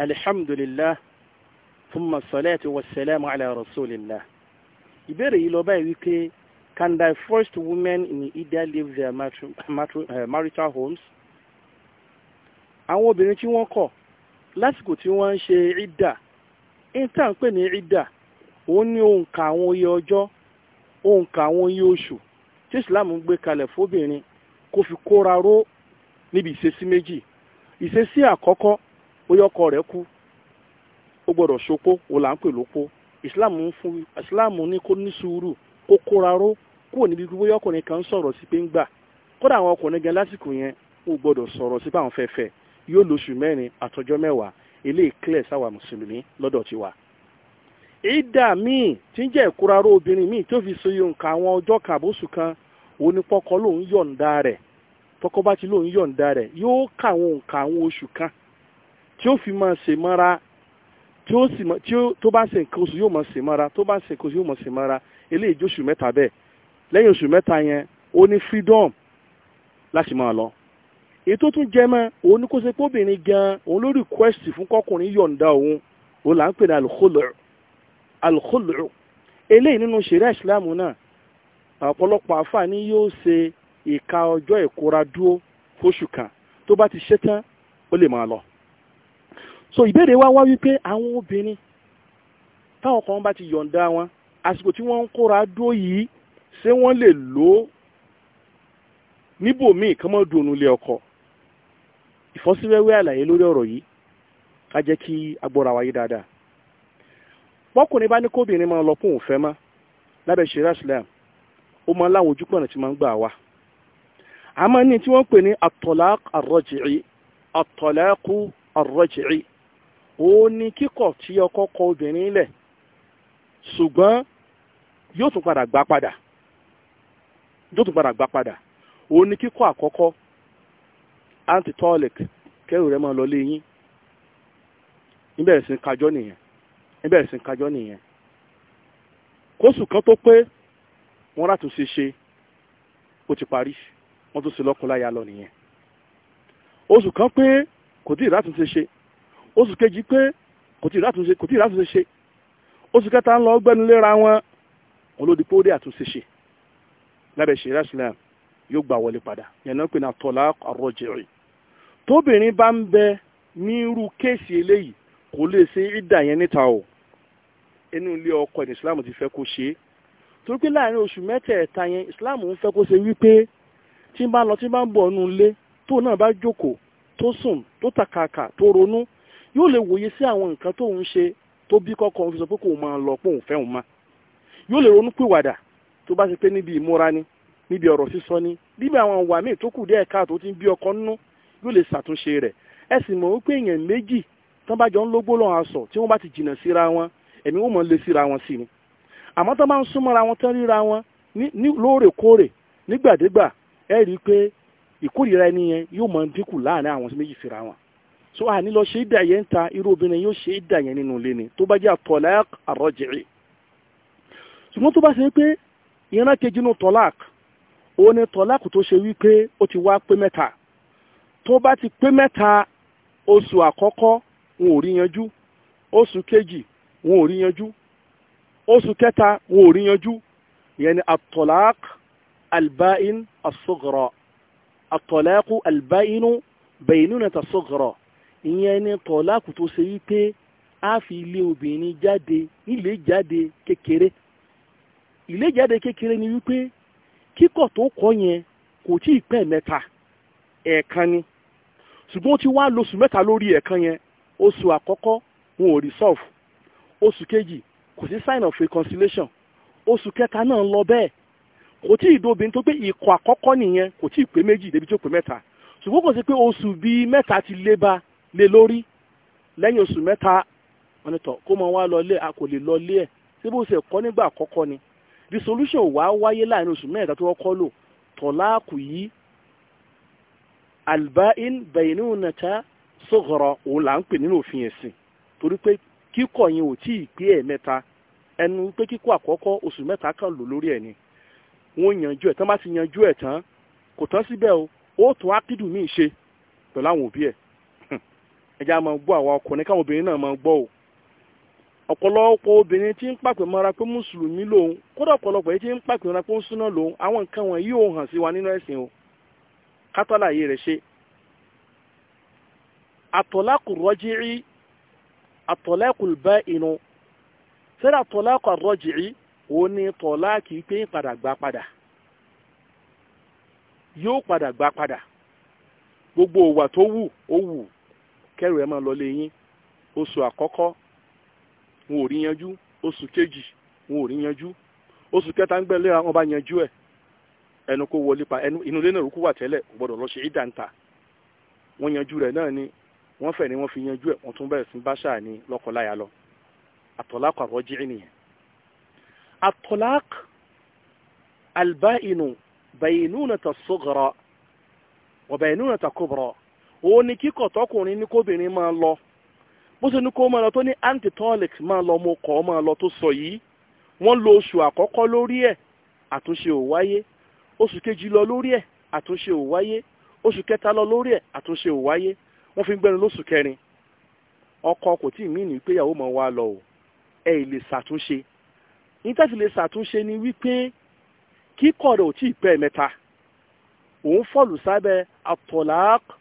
alhamdulillah thumma salatu wassalamu ala rasulillah ìbéèrè yìí lọ báyìí wípé can divorced women in India leave their matri matri uh, marital homes àwọn obìnrin tí wọ́n kọ̀ lásìkò tí wọ́n ń ṣe ìdà ìta ń pè ní ìdà òun ní òǹkà àwọn oyè ọjọ́ òǹkà àwọn oyè oṣù tí Islam gbé kalẹ̀ fóbìnrin kó fi kóra ró níbi ìṣesí méjì ìṣesí àkọ́kọ́ bóyá ọkọ rẹ̀ kú ó gbọ́dọ̀ ṣopó òun là ń pè lópó islam ń fún islam ní kó ní sùúrù kó kóra ró kúrò níbi kí bóyá ọkùnrin kan sọ̀rọ̀ sí pé ń gbà kódà àwọn ọkùnrin gan lásìkò yẹn wọn ò gbọ́dọ̀ sọ̀rọ̀ sí pé àwọn fẹ́fẹ́ yóò lóṣù mẹ́rin àtọjọ́ mẹ́wàá eléyìí clear sáwà mùsùlùmí lọ́dọ̀ tiwa ìdá míì tí ń jẹ́ ìkúraró obìnrin míì tó fi so yonka àwọn ọjọ́ kàbóṣù kan òun ni pọkọ lòun yọ̀ǹda rẹ̀ tọkọ bá ti lòun yọ̀ǹda rẹ̀ yóò kà àwọn òǹkà àwọn oṣù kan tí ó fi máa ṣe mọ́ra tí ó sì tí ó tó bá ṣe nǹkan oṣù yóò máa ṣe mọ́ra tó bá ṣe nǹkan oṣù yóò máa ṣe mọ́ra eléyìí jẹ́ oṣù mẹ́ta bẹ́ẹ̀ lẹ́yìn oṣù mẹ́ta yẹn ó ní freedom láti máa lọ èyí tó tún jẹ́ mọ́ òun ni kó ṣe pé obìnrin gan òun ló request fún kọkùnrin yọ̀ǹda òun òun là ń pè ní alukólò eléyìí nínú ṣẹ̀ríà Islam náà ọ̀pọ̀lọpọ̀ àǹfààní yóò ṣe ìka ọjọ́ ìkóra dúró fóṣù kan tó bá ti ṣe ó lè máa lọ so ìbéèrè wa wá wípé àwọn obìnrin táwọn kan bá ti yọ̀ǹda wọn àsìkò tí wọ́n ń kóra dó yìí ṣé wọ́n lè lò ó níbòmíì kán mọ́ dùnú lé ọkọ ìfọ́síwẹ́wẹ́ àlàyé lórí ọ̀rọ̀ yìí ká jẹ́ kí agbọ́ra wáyé dáadáa bọ́kùnrin bá ní kóbìnrin máa lọ fún òun mọ́ lábẹ́ ṣẹ̀ríà Islam ó máa láwọn ojú pọ̀nà tí máa ń gbà wá àmọ́ ní tí wọ́n pè ní at-talaq ar-raj'i at òun ni kíkọ̀ tí ọkọ kọ obìnrin lẹ̀ ṣùgbọ́n yóò tún padà gbá padà yóò tún padà gbá padà òun ni kíkọ̀ àkọ́kọ́ antitolic kẹrù rẹ máa lọ lé yín níbẹ̀rẹ̀ sí kájọ́ nìyẹn níbẹ̀rẹ̀ sí kájọ́ nìyẹn kóṣù kan tó pé wọ́n rà tún ṣe ṣe ó ti parí wọ́n tún ṣe lọ́kùnláyà lọ nìyẹn oṣù kan pé kò tí ì rà tún ṣe ṣe oṣù kejì pé kò tí ì látúnṣe ṣe oṣù kẹta ń lọ gbẹ́nu léra wọn olódìpó ó dé àtúnṣe ṣe lábẹ́ ṣẹ̀ríà Islam yóò gbà wọlé padà yẹn náà pé ní at-talaq ar-raj'i tóbìnrin bá ń bẹ ní irú kéèsì eléyìí kò lè ṣe ìdà yẹn níta o inú ilé ọkọ ní Islam ti fẹ́ kó ṣe é torí pé láàrin oṣù mẹ́tẹ̀ẹ̀ta yẹn Islam ń fẹ́ kó ṣe wípé tí n bá lọ tí n bá ń bọ̀ nù ilé tó náà bá jókòó tó sùn tó tàkàkà tó ronú yóò lè wòye sí àwọn nǹkan tó ń ṣe tó bí kọ́kọ́ fi sọ pé kò máa lọ pé òun fẹ́ òun má yóò lè ronú pìwàdà tó bá ṣe pé níbi ìmúra ni níbi ọ̀rọ̀ sísọ ni níbi àwọn ìwà míì tó kù díẹ̀ káàtó tí ń bí ọkọ nínú yóò lè ṣàtúnṣe rẹ̀ ẹ sì mọ̀ wípé èèyàn méjì tán bá jọ ń lógbó lọ́wọ́ aṣọ tí wọ́n bá ti jìnnà síra wọn ẹ̀mí wọn mọ̀ lé síra wọn sí ni àmọ́ tán bá ń súnmọ́ra wọn tán ríra wọn ní lóòrèkóòrè nígbàdégbà ẹ rí i pé ìkórìíra ẹni yẹn yóò máa dínkù láàrin àwọn méjì síra wọn so a ní lọ ṣe ìdà yẹn ta irú obìnrin yóò ṣe ìdà yẹn nínú ilé ni tó bá jẹ́ tọ́lák àrọ́jìrì ṣùgbọ́n tó bá ṣe pé ìran kejì nù tọ́lák òun ni tọ́lák tó ṣe wípé ó ti wá pé mẹ́ta tó bá ti pé mẹ́ta oṣù àkọ́kọ́ wọn ò rí yanjú oṣù kejì wọn ò rí yanjú oṣù kẹta wọn ò rí yanjú ìyẹn ni atọ́lák albain asọ́gọ̀rọ̀ atọ́lákù albainu bẹ̀yìnú nata sọ́gọ̀rọ̀ ìyẹn ni tọ̀láàkù tó ṣe wípé a fi ilé obìnrin jáde nílé jáde kékeré ilé jáde kékeré ni wípé kíkọ̀ tó kọ̀ yẹn kò tí ì pẹ́ mẹ́ta ẹ̀ẹ̀kan ni ṣùgbọ́n ó ti wá lóṣù mẹ́ta lórí ẹ̀ẹ̀kan yẹn oṣù àkọ́kọ́ wọn ò resolve oṣù kejì kò sí sign of reconciliation oṣù kẹta náà ń lọ bẹ́ẹ̀ kò tí ì dobìnrin tó pé ikọ̀ àkọ́kọ́ nìyẹn kò tí ì pé méjì débi tí ó pé mẹ́ta ṣùgbọ́n kò sí pé oṣù bíi mẹ́ta ti lé ba lé lórí lẹ́yìn oṣù mẹ́ta wọn ni tọ̀ kó mọ wá lọlé a kò lè lọlé ẹ̀ síbò ṣe kọ́ nígbà àkọ́kọ́ ni resolution wà wáyé láàrin oṣù mẹ́ta tó kọ́kọ́ lò tọ̀láàkù yìí albain bayinunata sọ̀rọ̀ òun là ń pè nínú òfin ẹ̀sìn torí pé kíkọ̀ yẹn ò tí ì pé ẹ̀mẹ́ta ẹnu pé kíkọ̀ àkọ́kọ́ oṣù mẹ́ta kan lò lórí ẹ̀ ni wọ́n yanjú ẹ̀ tán bá ti yanjú ẹ̀ tán kò tán síbẹ̀ o ó tún ákídù míì ṣe pẹ̀lú àwọn òbí ẹ̀ ẹ̀já máa gbọ́ àwọn ọkùnrin káwọn obìnrin náà naa gbọ́ o ọ̀pọ̀lọpọ̀ obìnrin tí ń pàpè mọ́ra pé mùsùlùmí lòun kódà ọ̀pọ̀lọpọ̀ yìí tí ń pàpè mọ́ra pé ń súná lòun àwọn nǹkan wọ̀nyí ò hàn sí wa nínú ẹ̀sìn o kátọ́lá yìí rẹ̀ ṣe àtọ̀lákù rọ́jìrì àtọ̀lákù bá inú sẹ́dá àtọ̀lákù rọ́jìrì òun ni pé ń padà gbogbo òwà tó wù kẹ́rù ẹ̀ máa lọlé yín oṣù àkọ́kọ́ wọn ò rí yanjú oṣù kejì wọn ò rí yanjú oṣù kẹta ń gbẹ̀lé àwọn bá yanjú ẹ̀ ẹnu kó wọlé pa ẹnu inú ilé náà rúkú wà tẹ́lẹ̀ gbọ́dọ̀ lọ ṣe ìdáǹtà wọ́n yanjú rẹ̀ náà ni wọ́n fẹ̀ ni wọ́n fi yanjú ẹ̀ wọ́n tún bẹ̀rẹ̀ sí bá ṣáà ní lọ́kọláya lọ àtọ̀láàkọ̀ àrọ́jì nìyẹn àtọ̀láàkọ̀ albáinu bẹ̀yìnúnà tà sọ́gọ̀rọ̀ wọ̀bẹ̀yìnúnà tà òun ni kíkọ̀ tọkùnrin ní kóbìnrin máa lọ bó ṣe ní kó máa lọ tó ní antitolic máa lọ mo kọ́ máa lọ tó sọ yìí wọ́n lo oṣù àkọ́kọ́ lórí ẹ̀ àtúnṣe ò wáyé oṣù kejì lọ lórí ẹ̀ àtúnṣe ò wáyé oṣù kẹta lọ lórí ẹ̀ àtúnṣe ò wáyé wọ́n fi gbẹ́nu lóṣù kẹrin ọkọ kò tí ì mí nìyí pé ìyàwó máa wá lọ o ẹ ì lè ṣàtúnṣe ní tẹ́sí lè ṣàtúnṣe ni wípé kíkọ̀ rẹ̀ ò tí ì pẹ́ mẹ́ta òun fọ́ọ̀lù sábẹ́ atọ́làákù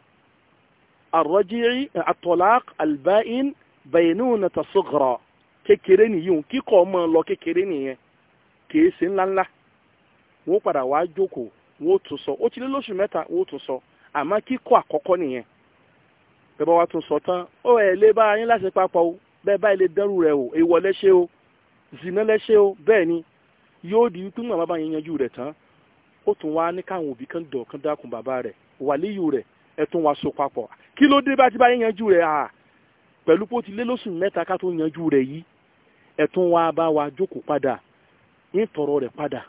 الرجع الطلاق البائن بينونة صغرى kékeré nìyíhun kíkọ́ ọmọ lọ kékeré nìyẹn kìí ṣe ńláńlá wọ́n padà wá jókòó wọ́n tún sọ ó ti lé lóṣù mẹ́ta wọ́n tún sọ àmọ́ kíkọ́ àkọ́kọ́ nìyẹn bẹ́ẹ̀ bá wa tún sọ tán ó ẹ̀ lé bá yín láti papọ̀ o bẹ́ẹ̀ báyìí lè dẹ́rù rẹ̀ o èèwọ̀ lẹ́ṣẹ̀ o zìnà lẹ́ṣẹ̀ o bẹ́ẹ̀ ni yóò di wípé màmá bá yẹn yanjú rẹ̀ tán ó tún wá ní káwọn òbí kan dọ̀ kan dákun bàbá rẹ̀ wàlíyù rẹ̀ ẹ wa wá so papọ̀ kí ló dé bá ti bá yín yanjú rẹ̀ à pẹ̀lú pé ó ti lé lóṣù mẹ́ta ká tó yanjú rẹ̀ yìí ẹ tún bá wa jókòó padà ní tọrọ rẹ̀ padà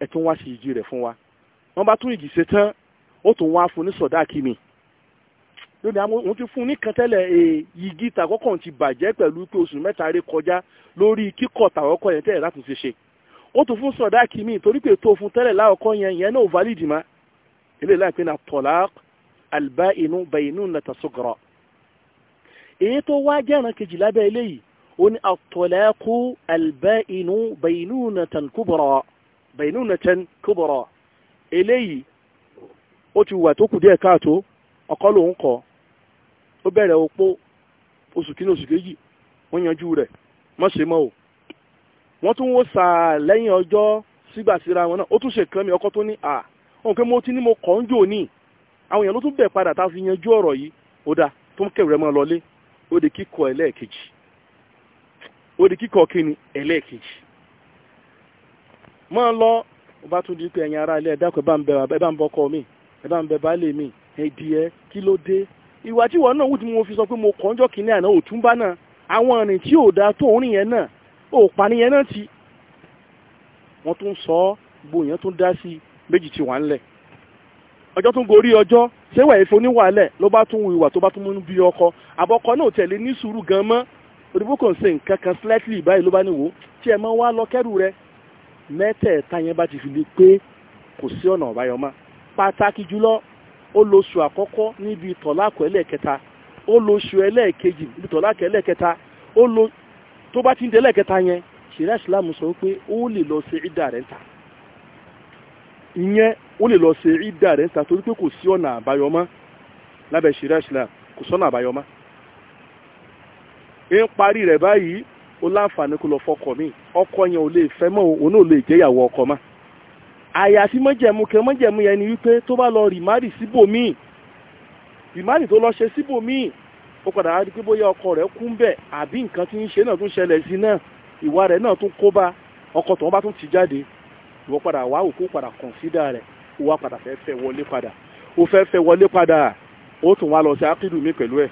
ẹ tún wá sí rẹ̀ fún wa wọ́n bá tún ìjì ṣe tán ó tún wá fún ní sọ̀dá kìíní lónìí àwọn òun ti fún ní kan tẹ́lẹ̀ ee yìgì tàkọ́kọ̀ ti bàjẹ́ pẹ̀lú pé oṣù mẹ́ta rẹ̀ kọjá lórí kíkọ̀ tàkọ́kọ̀ yẹn tẹ́lẹ̀ látúnṣe ṣe ó tún fún sọ̀dá kìíní torí pé tó fún tẹ́lẹ̀ láàkọ́ yẹn yẹn náà valid mọ́ eléyìí láìpẹ́ náà tọ̀lá albá'inú bẹ̀yìnú nàta sọ́gọ̀rọ̀ èyí tó wá jẹ́ràn kejì lábẹ́ eléyìí ó ní àtọ̀lẹ́kù albá'inú bẹ̀yìnú nàta kúbọ̀rọ̀ bẹ̀yìnú nàta kúbọ̀rọ̀ eléyìí ó ti wà tó kù díẹ̀ káàtó ọkọ lòun kọ ó bẹ̀rẹ̀ opó oṣù kínní oṣù kejì wọ́n yanjú rẹ̀ mọ́ṣẹ́ mọ́ o wọ́n tún wó sàá lẹ́yìn ọjọ́ sígbà síra wọn náà ó tún ṣe kán mi ọkọ tó ní à òun pé mo ti ní mo kọ́ ń jò níì àwọn èèyàn ló tún bẹ̀ padà tá a fi yanjú ọ̀rọ̀ yìí ó dáa tó ń kẹ̀rẹ́ mọ́ lọlé ó di kíkọ ẹlẹ́ẹ̀kejì ó di kíkọ kíni ẹlẹ́ẹ̀kejì máa lọ ó bá tún di pé ẹ̀yin ará ilé ẹ̀dá pé ń bẹ ẹ bá ń bọkọ mi ẹ bá ń bẹ baálé mi ẹ̀dìẹ kí ló dé ìwà tí wọn náà wù tí mo fi sọ pé mo kàn jọ́ kínní àná òtúnbá náà àwọn ọ̀rìn tí ò dáa tó ń rìn yẹn náà ò pa nìyẹn náà ti wọ́n tún sọ gbòòyàn tún dá sí méjì tí wà ń lẹ̀ ọjọ́ tó ń gorí ọjọ́ ṣé wà èfo níwàálẹ̀ ló bá tún ìwà tó bá tún múnú bí ọkọ àbọ̀kọ náà tẹ̀lé ní sùúrù gan mọ́ òdìbò kò ń ṣe nǹkan slightly báyìí ló bá ní wò ó tí ẹ máa wá lọ kẹ́rù rẹ mẹ́tẹ̀ẹ̀ta yẹn bá ti fi lè pé kò sí ọ̀nà ọ̀báyọ mọ́ pàtàkì jùlọ ó lo oṣù àkọ́kọ́ níbi tọ̀láàkọ̀ ẹlẹ́ẹ̀kẹta ó lo oṣù ẹlẹ́ẹ̀kejì níbi tọ̀láàkọ̀ ẹlẹ́ẹ̀kẹta ó lo tó bá ti ń délẹ́ẹ̀kẹta yẹn ṣẹ̀ríà ìsìlámù sọ pé ó lè lọ sí ìdá rẹ̀ ta ìyẹn ó lè lọ ṣe ìdá rẹ̀ ta torí pé kò sí ọ̀nà àbáyọmọ́ lábẹ́ ṣẹ̀ríà Islam kò sọ́nà àbáyọmọ́ ń parí rẹ̀ báyìí ó láǹfààní kó lọ fọkọ mi ọkọ yẹn ò lè fẹ́ mọ́ òun náà ò lè jẹ́yàwó ọkọ mọ́ àyàfi mọ́jẹ̀mú kẹ mọ́jẹ̀mú yẹn ni wípé tó bá lọ rìmárì síbòmíì rìmárì tó lọ ṣe síbòmíì ó padà á di pé bóyá ọkọ rẹ̀ kú ń bẹ̀ àbí nǹkan tí ń ṣe náà tún ṣẹlẹ̀ sí náà ìwà rẹ̀ náà tún kó ọkọ tó wọn bá tún ti jáde ìwọ padà wá òkú padà kọ̀ǹsídà rẹ̀ ó wá padà fẹ́ fẹ́ wọlé padà ó fẹ́ fẹ́ wọlé padà ó tún wá lọ sí ákídù mi pẹ̀lú ẹ̀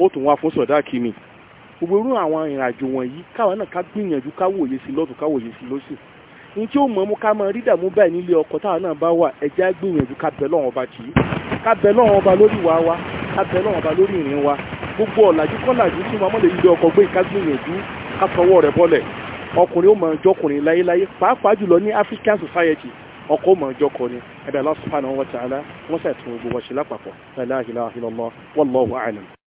ó tún wá fún sọ̀dá kìíní gbogbo irú àwọn ìrìnàjò wọ̀nyí káwọn náà ká gbìyànjú ká wòye sí lọ́tún ká wòye sí lọ́sì ní tí ó mọ̀ mú ká mọ rídàmú báyìí nílé ọkọ táwọn náà bá wà ẹ̀jẹ̀ á gbìyànjú ká bẹ̀ lọ́wọ́n ọba kì í ká bẹ̀ lọ́wọ́n ọba lórí wa wa ká bẹ̀ lọ́wọ́n ọba lórí ìrìn wa gbogbo ọ̀làjú kọ́làjú tí mo mọ̀lẹ́ ilé ọkọ̀ gbé ká gbìyànjú ká tọwọ́ rẹ̀ bọ́lẹ̀ ọkùnrin ó mọ̀ ọjọ́kùnrin láyéláyé pàápàá jùlọ ní African Society ọkọ mọ ọjọkọ ni ẹbẹ Allah subhanahu wa ta'ala wọn sì tún gbogbo wọn lápapọ̀ la ilaha illallah wallahu